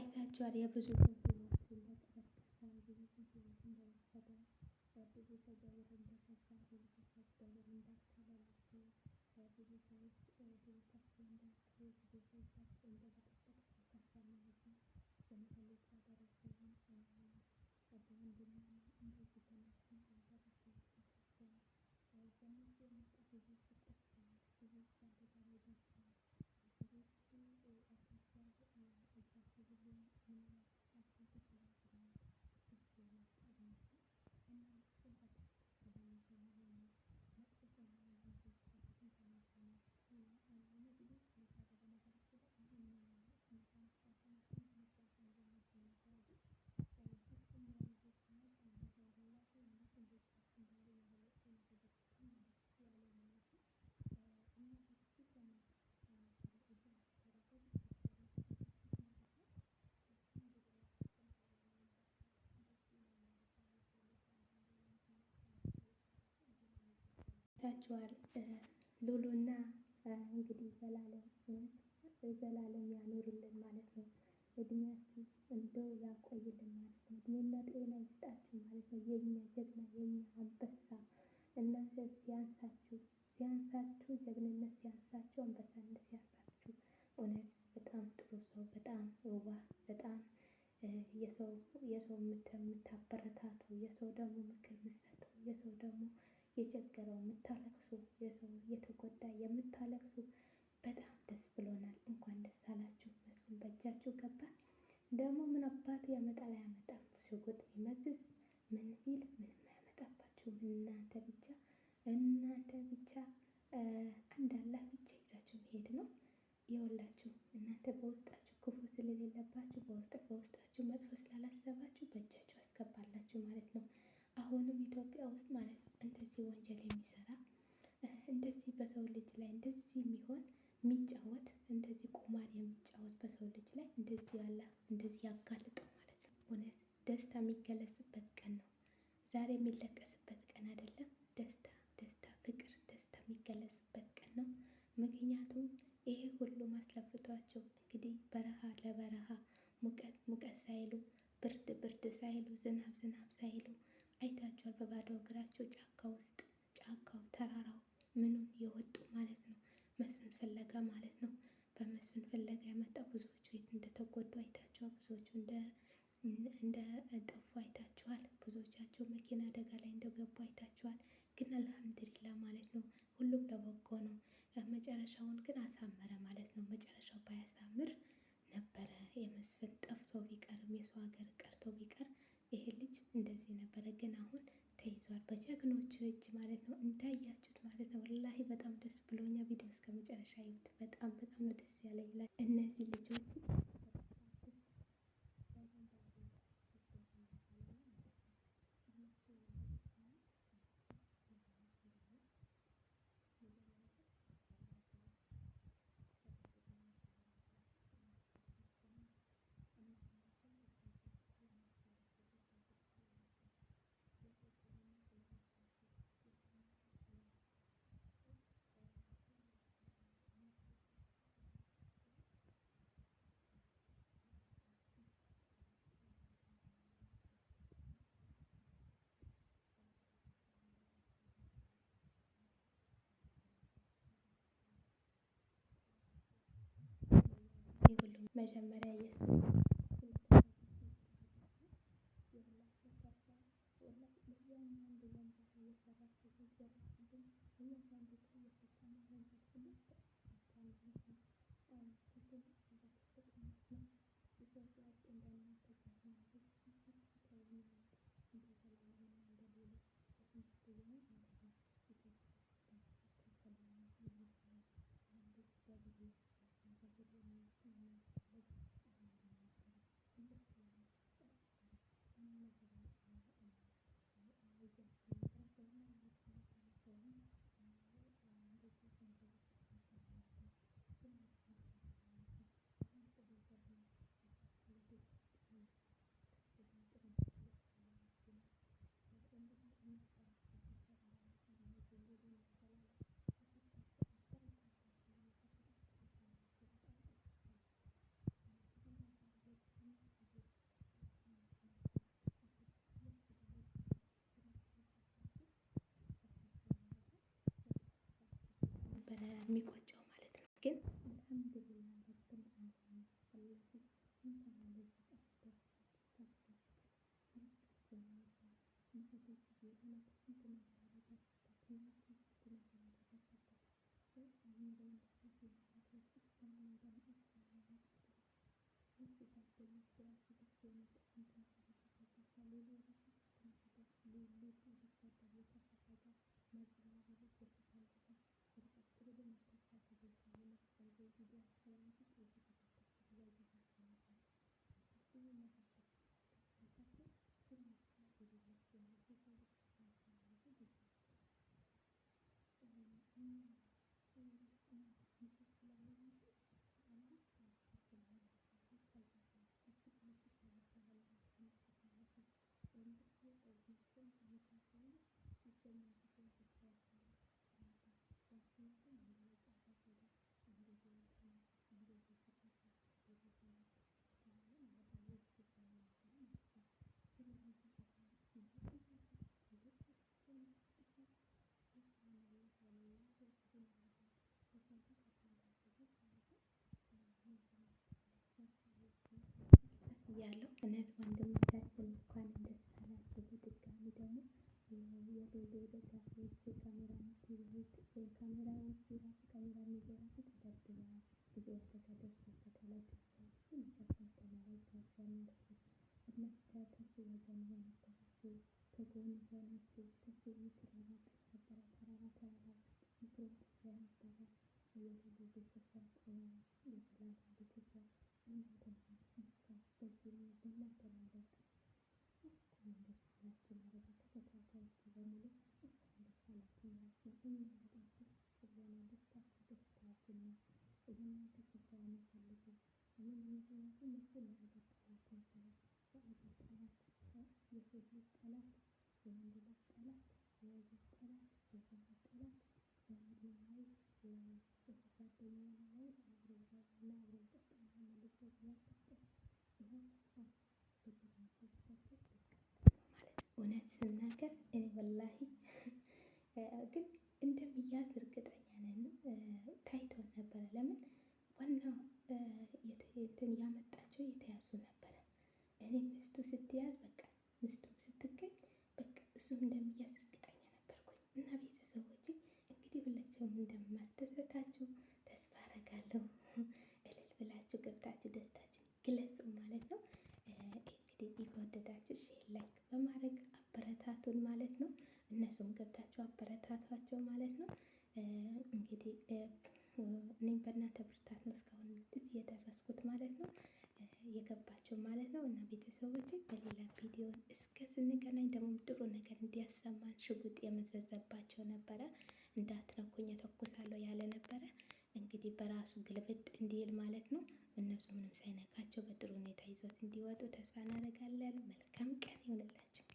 አይታችኋል። የብዙ ሰዎች ታችኋል ሉሉና እንግዲህ ዘላለም ያኖርልን ማለት ነው። እድሜያችሁ እንደው ያቆይልን ማለት ነው። እድሜና ጤና ይስጣችሁ ማለት ነው። የኛ ጀግና፣ የኛ አንበሳ እናንተ ሲያንሳችሁ ሲያንሳችሁ ጀግንነት ሲያንሳችሁ አንበሳነት ሲያንሳችሁ እውነት በጣም ጥሩ ሰው በጣም ውባ በጣም የሰው የሰው የምታበረታቱ የሰው ደግሞ ምክር የምትሰጡ የሰው ደግሞ የቸገረው የምታለቅሱ፣ የሰው የተጎዳ የምታለቅሱ በጣም ደስ ብሎናል። እንኳን ደስ አላችሁ። መስፍን በእጃችሁ ገባ። ደግሞ ምን አባት ያመጣል አያመጣም፣ ሽጉጥ ቢመዝዝ ምን ቢል ምንም እናንተ ብቻ እናንተ ብቻ አንድ አላህ ብቻ ይዛችሁ መሄድ ነው። ይኸውላችሁ እናንተ በውስጣችሁ ክፉ ስለሌለባችሁ በውስጥ በውስጣችሁ መጥፎ ስላላሰባችሁ በእጃችሁ አስገባላችሁ ማለት ነው። አሁንም ኢትዮጵያ ውስጥ ማለት ነው እንደዚህ ወንጀል የሚሰራ እንደዚህ በሰው ልጅ ላይ እንደዚህ የሚሆን የሚጫወት እንደዚህ ቁማር የሚጫወት በሰው ልጅ ላይ እንደዚህ ያለ እንደዚህ ያጋልጠው ማለት ነው። እውነት ደስታ የሚገለጽበት ቀን ነው። ዛሬ የሚለቀስበት ቀን አይደለም። ደስታ ደስታ ፍቅር ደስታ የሚገለጽበት ቀን ነው። ምክንያቱም ይሄ ሁሉ ማስለፍቷቸው እንግዲህ በረሃ ለበረሃ ሙቀት ሙቀት ሳይሉ ብርድ ብርድ ሳይሉ ዝናብ ዝናብ ሳይሉ አይታችኋል። በባዶ እግራቸው ጫካ ውስጥ ጫካው፣ ተራራው፣ ምኑን የወጡ ማለት ነው። መስፍን ፍለጋ ማለት ነው። በመስፍን ፍለጋ የመጣ ብዙዎቹ የት እንደተጎዱ አይታችኋል። ብዙዎቹ እንደጠፉ አይታችኋል። ብዙዎቻቸው መኪና አደጋ ላይ እንደገቡ አይታችኋል። ግን አልሐምድሊላ ማለት ነው ሁሉም ለበጎ ነው። መጨረሻውን ግን አሳመረ ማለት ነው። መጨረሻው ባያሳምር ነበረ የመስፍን ጠፍ ደርሷል። በጀግኖቹ እጅ ማለት ነው እንዳያችሁት ማለት ነው። ወላሂ በጣም ደስ ብሎኛል። ቪዲዮ እስከ መጨረሻ ይዩት። በጣም በጣም ነው ደስ ያለኝ እነዚህ ልጆች መጀመሪያ የት የሚቆጨው ማለት ነው ግን እወዳለሁ። እውነት ወንድሞቻችን እንኳን ደስ አላችሁ። በድጋሚ ደግሞ የሌሎ ደጋፊዎች የካሜራ ሚስት ተደርድረዋል። ብዙ ያስተዳደርኩት ተከላይ ተሰብስበው ይሰጣል ተማሪዎች ወገን ሆናችሁ ከጎን ሆናችሁ ከሱ ምክር ነበረ ተራራ ተራራ ምክር ነበረ የሌሎ ቤተሰብ የሰላሳ ቤተሰብ እንዲሁም እናንተ ጉዳይ የምፈልገው ምን ምክንያቱም ምስል የአገር ጠላት መሰረት የአገር ጠላት የሴት ልጅ ጠላት የወንድ ልጅ ጠላት የአገር ጠላት የሰው ጠላት በአድማዊ የተሳደኛ ላይ አብሮ ገባና አብሮ ጠጣ መልሶ እውነት ስናገር እኔ ወላሂ ግን እንደሚያዝ እርግጠኛ ታይቶ ነበረ ለምን ዋናው እንትን ያመጣቸው የተያዙ ነበረ። እኔ ሚስቱ ስትያዝ በቃ ሚስቱ ስትገኝ በቃ እሱም እንደሚያዝ እርግጠኛ ነበርኩኝ። እና ቤተሰቦቼ እንግዲህ ሁላችሁም እንደማስደሰታችሁ ተስፋ አረጋለሁ። እልል ብላችሁ ገብታችሁ ደስታችን ግለጽ ማለት ነው። እንግዲህ የወደዳችሁ ሼር፣ ላይክ በማድረግ አበረታቱን ማለት ነው። እነሱም ገብታችሁ አበረታቷቸው ማለት ነው። ቤተሰቦች በሌላ ቪዲዮ እስከ ስንገናኝ ደግሞ ጥሩ ነገር እንዲያሰማን ሽጉጥ የመዘዘባቸው ነበረ። እንዳትነኩኝ ተኩሳለሁ ያለ ነበረ። እንግዲህ በራሱ ግልብጥ እንዲል ማለት ነው። እነሱ ምንም ሳይነካቸው በጥሩ ሁኔታ ይዞት እንዲወጡ ተስፋ እናደርጋለን። መልካም ቀን ይሁንላቸው።